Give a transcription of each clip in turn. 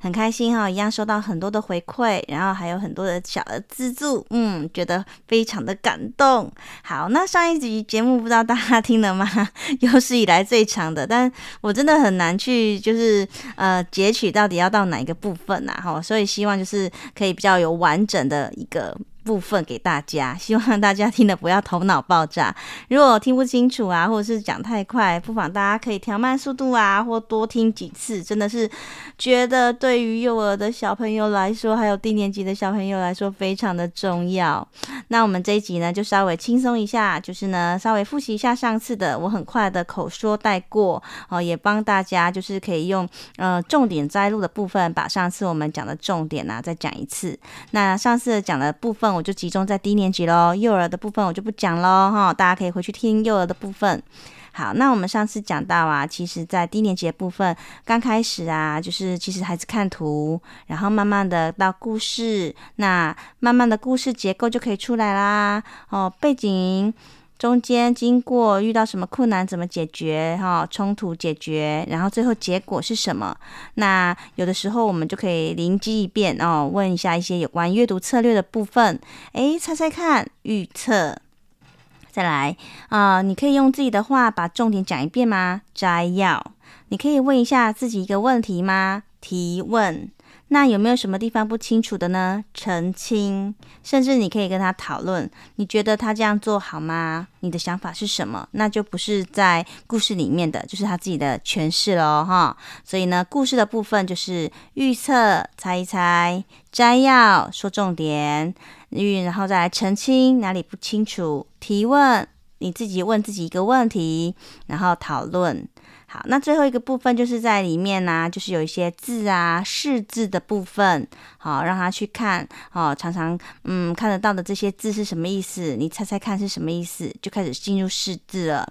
很開心哈，一樣收到很多的回饋，然後還有很多的小的資助，嗯，覺得非常的感動。好，那上一集節目不知道大家聽了嗎？有史以來最長的，但我真的很難去就是呃截取到底要到哪一個部分吶哈，所以希望就是可以比較有完整的一個。部分給大家，希望大家聽得不要頭腦爆炸。如果聽不清楚啊，或者是講太快，不妨大家可以調慢速度啊，或多聽幾次。真的是覺得對於幼兒的小朋友來說，還有低年級的小朋友來說非常的重要。那我們這一集呢，就稍微輕鬆一下，就是呢稍微複習一下上次的，我很快的口說帶過哦，也幫大家就是可以用呃重點摘錄的部分，把上次我們講的重點呢，啊，再講一次。那上次講的部分。我就集中在低年級嘍，幼兒的部分我就不講嘍，哈，大家可以回去聽幼兒的部分。好，那我們上次講到啊，其實在低年級的部分剛開始啊，就是其實還是看圖，然後慢慢的到故事，那慢慢的故事結構就可以出來啦，哦，背景。中間經過遇到什麼困難，怎麼解決？哈、哦，衝突解決，然後最後結果是什麼？那有的時候我們就可以靈機一變哦，問一下一些有關閱讀策略的部分。誒，猜猜看，預測。再來啊、呃，你可以用自己的話把重點講一遍嗎？摘要。你可以問一下自己一個問題嗎？提問。那有沒有什麼地方不清楚的呢？澄清，甚至你可以跟他討論，你覺得他這樣做好嗎？你的想法是什麼？那就不是在故事裡面的，就是他自己的詮釋嘍，哈。所以呢，故事的部分就是預測、猜一猜、摘要、說重點，然後再來澄清哪裡不清楚，提問，你自己問自己一個問題，然後討論。好，那最後一個部分就是在裡面呢、啊，就是有一些字啊，識字的部分，好，讓他去看，哦，常常，嗯，看得到的這些字是什麼意思？你猜猜看是什麼意思？就開始進入識字了。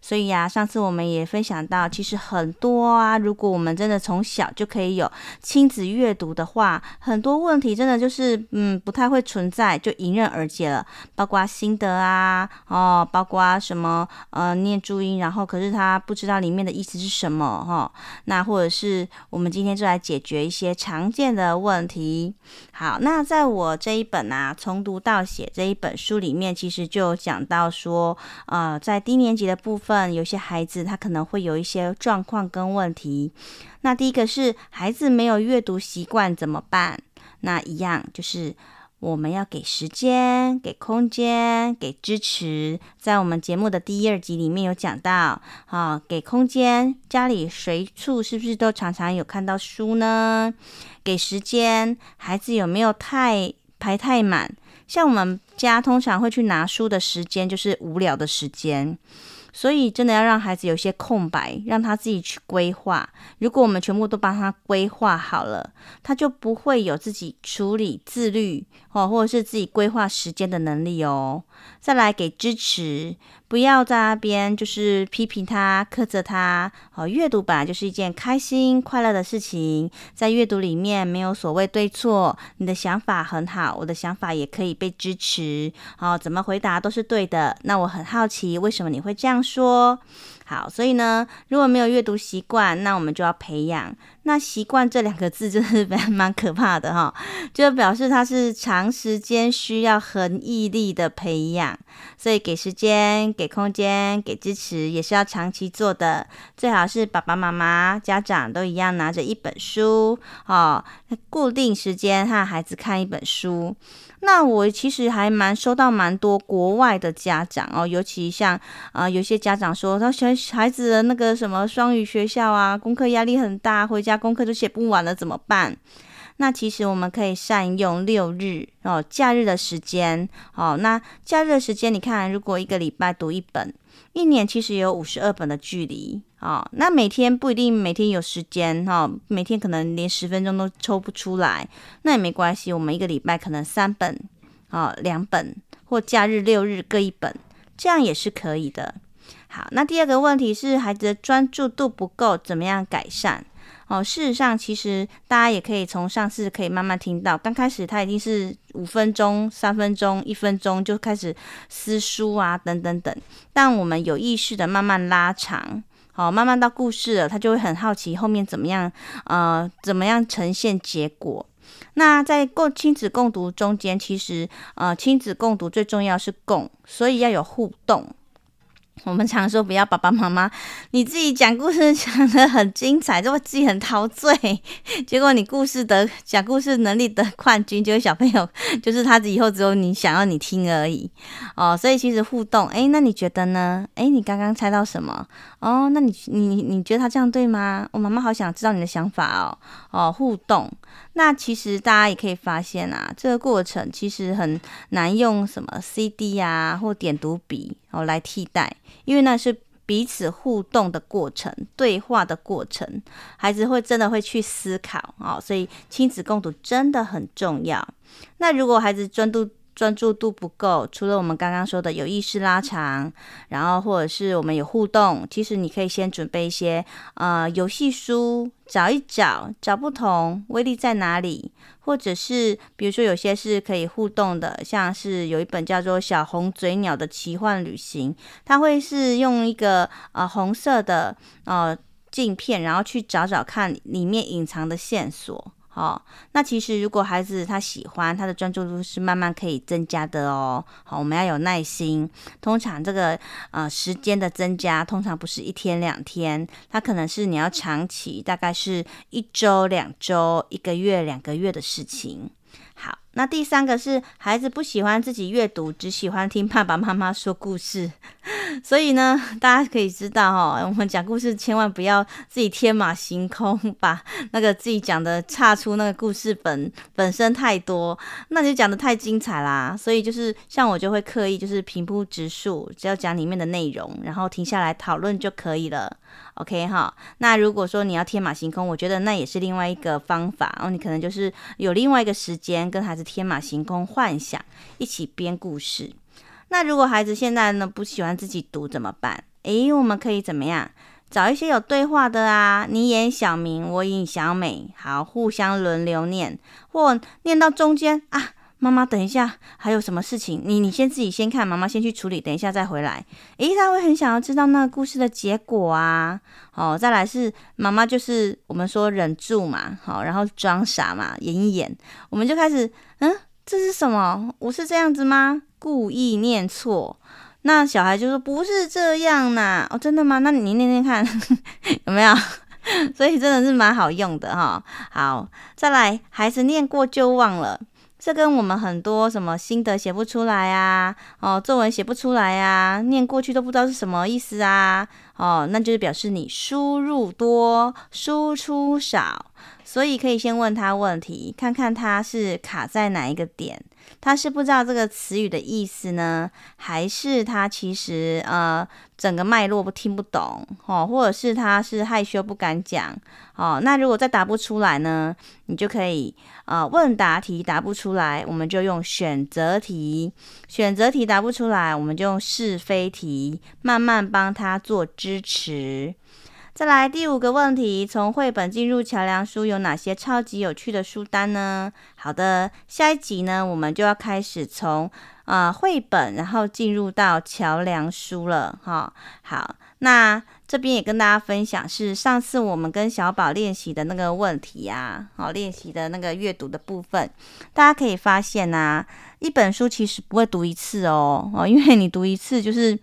所以呀、啊，上次我們也分享到，其實很多啊，如果我們真的從小就可以有親子閱讀的話，很多問題真的就是，嗯，不太會存在，就迎刃而解了。包括心得啊，哦，包括什麼，呃，念注音，然後可是他不知道裡面。面的意思是什麼？哈，那或者是我們今天就來解決一些常見的問題。好，那在我這一本啊，從讀到寫這一本書裡面，其實就講到說，呃，在低年級的部分，有些孩子他可能會有一些狀況跟問題。那第一個是孩子沒有閱讀習慣怎麼辦？那一樣就是。我們要給時間，給空間，給支持。在我們節目的第一、二集裡面有講到，啊、哦，給空間，家裡隨處是不是都常常有看到書呢？給時間，孩子有沒有太排太滿？像我們家通常會去拿書的時間，就是無聊的時間。所以，真的要讓孩子有些空白，讓他自己去規劃。如果我們全部都幫他規劃好了，他就不會有自己處理、自律，哦，或者是自己規劃時間的能力哦。再來給支持，不要在那邊就是批評他、苛責他。好，閱讀本來就是一件開心、快樂的事情，在閱讀裡面沒有所謂對錯。你的想法很好，我的想法也可以被支持。好，怎麼回答都是對的。那我很好奇，為什麼你會這樣說？好，所以呢，如果沒有閱讀習慣，那我們就要培養。那習慣這兩個字真的是蠻可怕的哈、哦，就表示它是長時間需要很毅力的培養，所以給時間、給空間、給支持，也是要長期做的。最好是爸爸媽媽、家長都一樣拿着一本書哦，固定時間讓孩子看一本書。那我其實還蠻收到蠻多國外的家長哦，尤其像啊、呃，有些家長說他小孩子的那個什麼雙語學校啊，功課壓力很大，回家功課都寫不完了，怎麼辦？那其實我們可以善用六日哦，假日的時間哦。那假日的時間，你看，如果一個禮拜讀一本，一年其實有五十二本的距離哦。那每天不一定每天有時間哈、哦，每天可能連十分鐘都抽不出來，那也沒關係。我們一個禮拜可能三本哦，兩本或假日六日各一本，這樣也是可以的。好，那第二個問題是孩子的專注度不夠，怎麼樣改善？哦，事實上，其實大家也可以從上次可以慢慢聽到，剛開始他一定是五分鐘、三分鐘、一分鐘就開始撕書啊，等等等。但我們有意識的慢慢拉長，好、哦，慢慢到故事了，他就會很好奇後面怎麼樣，呃，怎麼樣，呃，怎麼樣呈現結果。那在共親子共讀中間，其實呃，親子共讀最重要是共，所以要有互動。我們常說，不要爸爸媽媽，你自己講故事講得很精彩，就會自己很陶醉，結果你故事的講故事能力的冠軍，就是小朋友，就是他，以後只有你想要你聽而已哦。所以其實互動，誒，那你覺得呢？誒，你剛剛猜到什麼？哦，那你你你覺得他這樣對嗎？我、哦、媽媽好想知道你的想法哦哦，互動。那其實大家也可以發現啊，這個過程其實很難用什麼 CD 啊或點讀筆哦來替代，因為那是彼此互動的過程，對話的過程，孩子會真的會去思考哦。所以親子共讀真的很重要。那如果孩子專注。專注度不夠，除了我們剛剛說的有意識拉長，然後或者是我們有互動，其實你可以先準備一些呃遊戲書，找一找，找不同，威利在哪裡？或者是比如說有些是可以互動的，像是有一本叫做《小紅嘴鳥的奇幻旅行》，它會是用一個呃紅色的呃鏡片，然後去找找看裡面隱藏的線索。哦，那其實如果孩子他喜歡，他的專注度是慢慢可以增加的哦。好，我們要有耐心。通常這個呃時間的增加，通常不是一天兩天，他可能是你要長期，大概是一周、兩周、一個月、兩個月的事情。那第三個是孩子不喜歡自己閱讀，只喜歡聽爸爸媽媽說故事。 所以呢，大家可以知道哈、哦，我們講故事千萬不要自己天馬行空，把那個自己講的差出那個故事本本身太多，那就講得太精彩啦。所以就是像我就會刻意就是平鋪直敘，只要講裡面的內容，然後停下來討論就可以了。OK 哈，那如果說你要天馬行空，我覺得那也是另外一個方法。哦，你可能就是有另外一個時間跟孩子，天馬行空幻想，一起編故事。那如果孩子現在呢，不喜歡自己讀怎麼辦？誒，我們可以怎麼樣？找一些有對話的啊，你演小明，我演小美，好，互相輪流念，或念到中間啊。媽媽，等一下，還有什麼事情？你你，先自己先看，媽媽先去處理，等一下再回來。誒，他會很想要知道那個故事的結果啊。哦，再來是媽媽，就是我們說忍住嘛，好，然後裝傻嘛，演一演。我們就開始，嗯，這是什麼？我是這樣子嗎？故意念錯，那小孩就說不是這樣吶、啊。哦，真的嗎？那你念念看 有沒有？所以真的是蠻好用的哈、哦。好，再來，孩子念過就忘了。這跟我們很多什麼心得寫不出來啊，哦，作文寫不出來啊，念過去都不知道是什麼意思啊，哦，那就是表示你輸入多，輸出少，所以可以先問他問題，看看他是卡在哪一個點。他是不知道這個詞語的意思呢，還是他其實呃整個脈絡不聽不懂哦，或者是他是害羞不敢講哦？那如果再答不出來呢，你就可以啊、呃、問答題答不出來，我們就用選擇題；選擇題答不出來，我們就用是非題，慢慢幫他做支持。再來第五個問題，從繪本進入橋梁書有哪些超級有趣的書單呢？好的，下一集呢，我們就要開始從呃繪本，然後進入到橋梁書了哈、哦。好，那這邊也跟大家分享，是上次我們跟小寶練習的那個問題呀、啊，好、哦，練習的那個閱讀的部分，大家可以發現啊，一本書其實不會讀一次哦哦，因為你讀一次就是。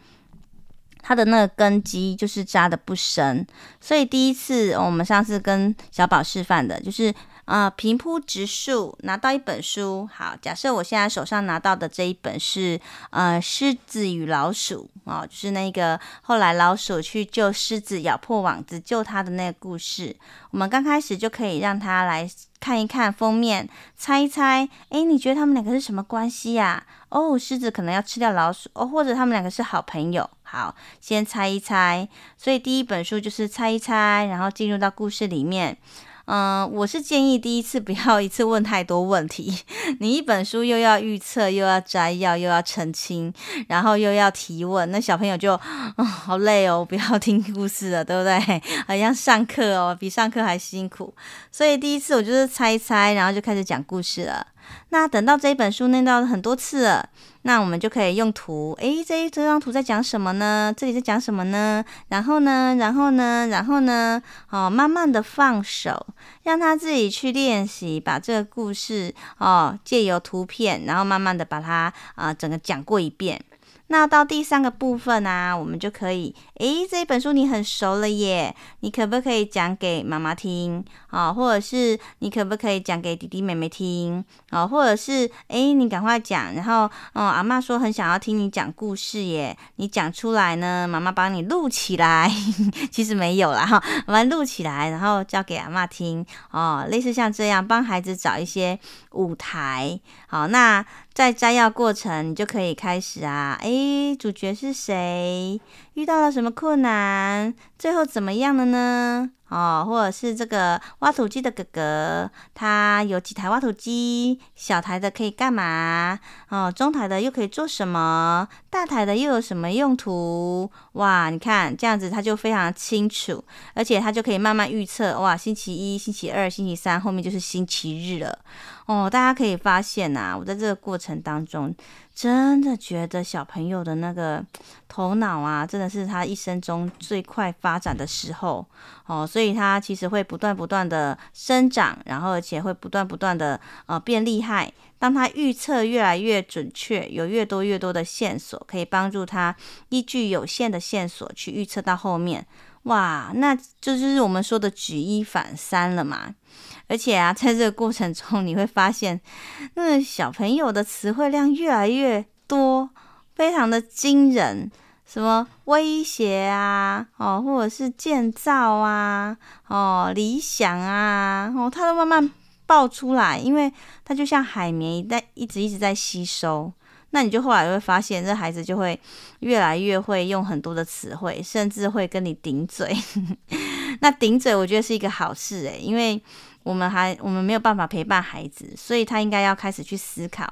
他的那個根基就是紮得不深，所以第一次，哦，我們上次跟小寶示範的就是。啊、呃，平鋪直敘，拿到一本書。好，假設我現在手上拿到的這一本是呃《獅子與老鼠》哦，就是那個後來老鼠去救獅子，咬破網子救他的那個故事。我們剛開始就可以讓他來看一看封面，猜一猜。哎、欸，你覺得他們兩個是什麼關係呀、啊？哦，獅子可能要吃掉老鼠哦，或者他們兩個是好朋友。好，先猜一猜。所以第一本書就是猜一猜，然後進入到故事裡面。嗯，我是建議第一次不要一次問太多問題。你一本書又要預測，又要摘要，又要澄清，然後又要提問，那小朋友就、哦、好累哦。不要聽故事了，對不對？好像上課哦，比上課還辛苦。所以第一次我就是猜一猜，然後就開始講故事了。那等到這一本書念到了很多次了，那我們就可以用圖。誒，這這張圖在講什麼呢？這裡在講什麼呢？然後呢？然後呢？然後呢？哦，慢慢的放手，讓他自己去練習，把這個故事哦，借由圖片，然後慢慢的把它啊，呃，整個講過一遍。那到第三個部分啊，我們就可以誒，這一本書你很熟了耶，你可不可以講給媽媽聽啊、哦？或者是你可不可以講給弟弟妹妹聽啊、哦？或者是誒，你趕快講，然後哦，阿嬤說很想要聽你講故事耶，你講出來呢，媽媽幫你錄起來。 其實沒有啦，哈，我們錄起來，然後交給阿嬤聽哦，類似像這樣，幫孩子找一些舞台。好，那在摘要過程你就可以開始啊，誒。一主角是誰？遇到了什麼困難？最後怎麼樣了呢？哦，或者是這個挖土機的哥哥，他有幾台挖土機？小台的可以幹嘛？哦，中台的又可以做什麼？大台的又有什麼用途？哇，你看這樣子他就非常清楚，而且他就可以慢慢預測。哇，星期一、星期二、星期三，後面就是星期日了。哦，大家可以發現啊，我在這個過程當中，真的覺得小朋友的那個頭腦啊，真的是他一生中最快。發展的時候，哦，所以它其實會不斷不斷的生長，然後而且會不斷不斷的呃變厲害。當它預測越來越準確，有越多越多的線索可以幫助它，依據有限的線索去預測到後面，哇，那這就是我們說的舉一反三了嘛。而且啊，在這個過程中，你會發現，那個、小朋友的詞彙量越來越多，非常的驚人。什麼威脅啊，哦，或者是建造啊，哦，理想啊，哦，他都慢慢爆出來，因為他就像海綿一樣，一直一直在吸收。那你就後來會發現，這孩子就會越來越會用很多的詞彙，甚至會跟你頂嘴。 那頂嘴，我覺得是一個好事誒、欸，因為。我們還我們沒有辦法陪伴孩子，所以他應該要開始去思考，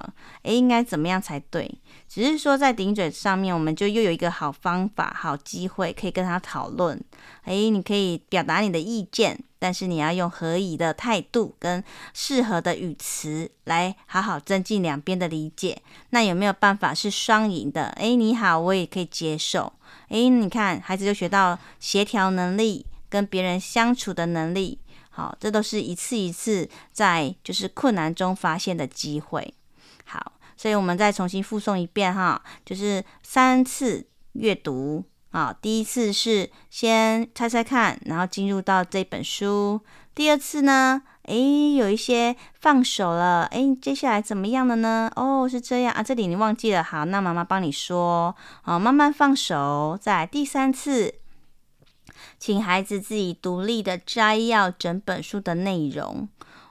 誒，應該怎麼樣才對？只是說在頂嘴上面，我們就又有一個好方法、好機會可以跟他討論。誒，你可以表達你的意見，但是你要用合宜的態度跟適合的語詞來好好增進兩邊的理解。那有沒有辦法是雙贏的？誒，你好，我也可以接受。誒，你看，孩子就學到協調能力跟別人相處的能力。好，這都是一次一次在就是困難中發現的機會。好，所以我們再重新複誦一遍哈，就是三次閱讀。好，第一次是先猜猜看，然後進入到這本書。第二次呢，誒，有一些放手了，誒，接下來怎麼樣的呢？哦，是這樣啊，這裡你忘記了。好，那媽媽幫你說，好，慢慢放手，再第三次。請孩子自己獨立的摘要整本書的內容。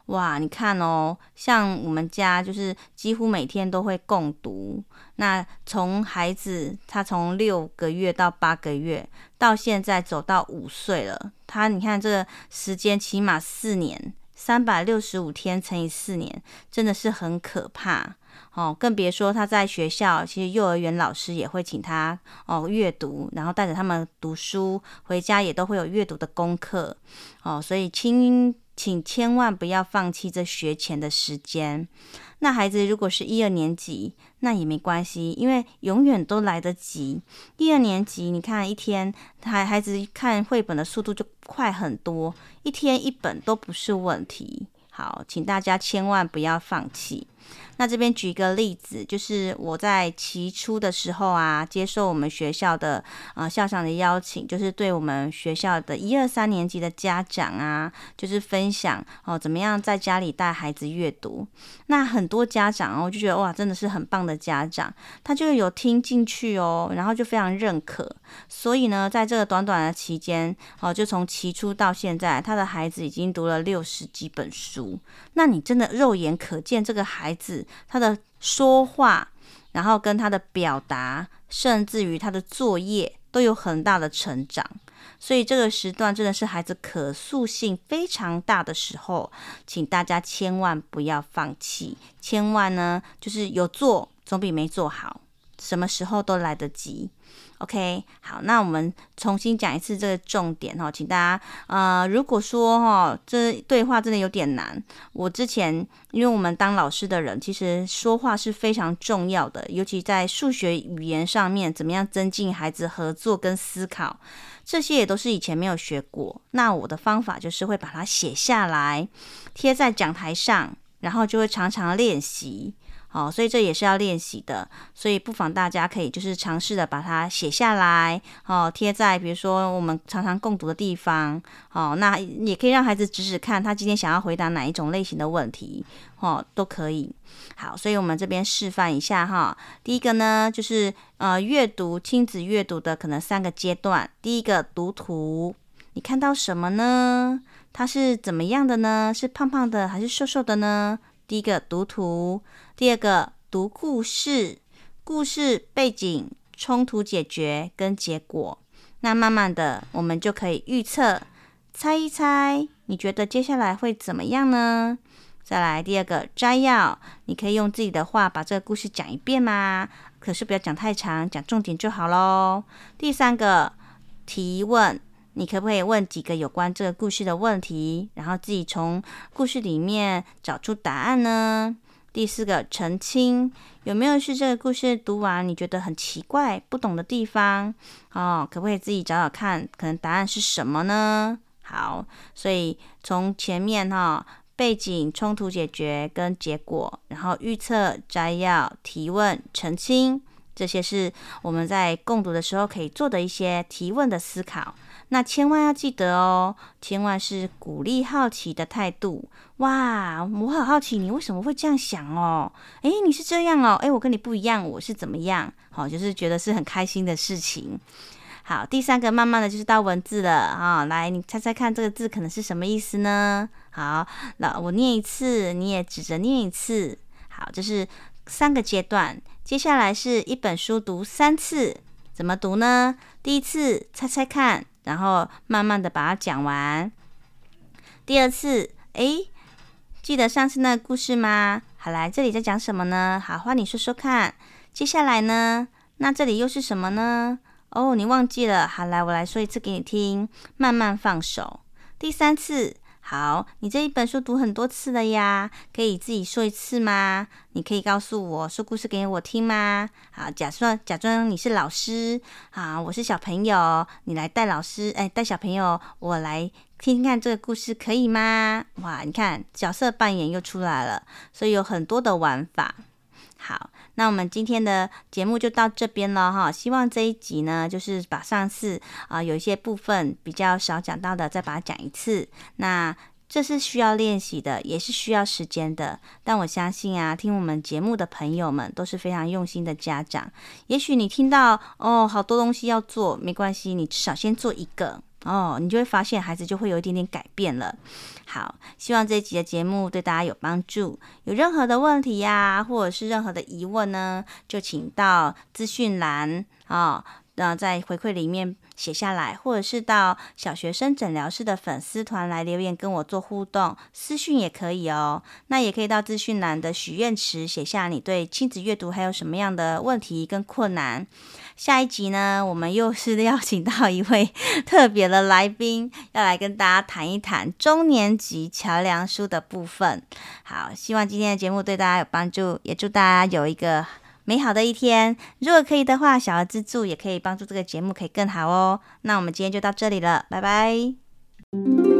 哇，你看哦，像我們家就是幾乎每天都會共讀。那從孩子他從六個月到八個月，到現在走到五歲了，他你看這個時間起碼四年，三百六十五天乘以四年，真的是很可怕。哦，更別說他在學校，其實幼兒園老師也會請他哦閱讀，然後帶着他們讀書，回家也都會有閱讀的功課。哦，所以請請千萬不要放棄這學前的時間。那孩子如果是一二年級，那也沒關係，因為永遠都來得及。一二年級，你看一天孩孩子看繪本的速度就快很多，一天一本都不是問題。好，請大家千萬不要放棄。那這邊舉一個例子，就是我在期初的時候啊，接受我們學校的呃校長的邀請，就是對我們學校的一二三年級的家長啊，就是分享哦、呃，怎麼樣在家裡帶孩子閱讀。那很多家長哦就覺得哇，真的是很棒的家長，他就有聽進去哦，然後就非常認可。所以呢，在這個短短的期間哦、呃，就從期初到現在，他的孩子已經讀了六十幾本書。那你真的肉眼可見這個孩子。他的說話，然後跟他的表達，甚至於他的作業都有很大的成長，所以這個時段真的是孩子可塑性非常大的時候，請大家千萬不要放棄，千萬呢就是有做總比沒做好。什麼時候都來得及，OK，好，那我們重新講一次這個重點哦，請大家，啊、呃，如果說哦，這對話真的有點難，我之前因為我們當老師的人，其實說話是非常重要的，尤其在數學語言上面，怎麼樣增進孩子合作跟思考，這些也都是以前沒有學過。那我的方法就是會把它寫下來，貼在講台上，然後就會常常練習。哦，所以這也是要練習的，所以不妨大家可以就是嘗試的把它寫下來，哦，貼在比如說我們常常共讀的地方，哦，那也可以讓孩子指指看，他今天想要回答哪一種類型的問題，哦，都可以。好，所以我們這邊示範一下哈、哦，第一個呢就是呃閱讀親子閱讀的可能三個階段，第一個讀圖，你看到什麼呢？它是怎麼樣的呢？是胖胖的還是瘦瘦的呢？第一個讀圖，第二個讀故事，故事背景、衝突解決跟結果，那慢慢的我們就可以預測，猜一猜，你覺得接下來會怎麼樣呢？再來第二個摘要，你可以用自己的話把這個故事講一遍嗎？可是不要講太長，講重點就好嘍。第三個提問。你可不可以問幾個有關這個故事的問題，然後自己從故事裡面找出答案呢？第四個，澄清，有沒有是這個故事讀完你覺得很奇怪、不懂的地方？哦，可不可以自己找找看，可能答案是什麼呢？好，所以從前面哈、哦，背景、衝突解決跟結果，然後預測、摘要、提問、澄清。這些是我們在共讀的時候可以做的一些提問的思考。那千萬要記得哦，千萬是鼓勵好奇的態度。哇，我好好奇你，你為什麼會這樣想哦？誒，你是這樣哦？誒，我跟你不一樣，我是怎麼樣？好、哦，就是覺得是很開心的事情。好，第三個，慢慢的就是到文字了啊、哦。來，你猜猜看，這個字可能是什麼意思呢？好，那我念一次，你也指着念一次。好，這，就是三個階段。接下來是一本書讀三次，怎麼讀呢？第一次，猜猜看，然後慢慢的把它講完。第二次，誒，記得上次那個故事嗎？好來，這裡在講什麼呢？好，換你說說看。接下來呢？那這裡又是什麼呢？哦，你忘記了。好來，我來說一次給你聽。慢慢放手。第三次。好，你這一本書讀很多次了呀，可以自己說一次嗎？你可以告訴我說故事給我聽嗎？好，假設假裝你是老師，好，我是小朋友，你來帶老師，哎、欸，帶小朋友，我來聽聽看這個故事可以嗎？哇，你看角色扮演又出來了，所以有很多的玩法。好，那我們今天的節目就到這邊了哈。希望這一集呢，就是把上次啊、呃、有一些部分比較少講到的，再把它講一次。那這是需要練習的，也是需要時間的。但我相信啊，聽我們節目的朋友們都是非常用心的家長。也許你聽到哦，好多東西要做，沒關係，你至少先做一個。哦，你就會發現孩子就會有一點點改變了。好，希望這一集的節目對大家有幫助。有任何的問題呀、啊，或者是任何的疑問呢，就請到資訊欄啊。哦那在回饋裡面寫下來，或者是到小學生診聊室的粉絲團來留言跟我做互動，私訊也可以哦。那也可以到資訊欄的許願池寫下你對親子閱讀還有什麼樣的問題跟困難。下一集呢，我們又是邀請到一位特別的來賓，要來跟大家談一談中年級橋樑書的部分。好，希望今天的節目對大家有幫助，也祝大家有一個。美好的一天，如果可以的話，小額資助也可以幫助這個節目可以更好哦。那我們今天就到這裡了，拜拜。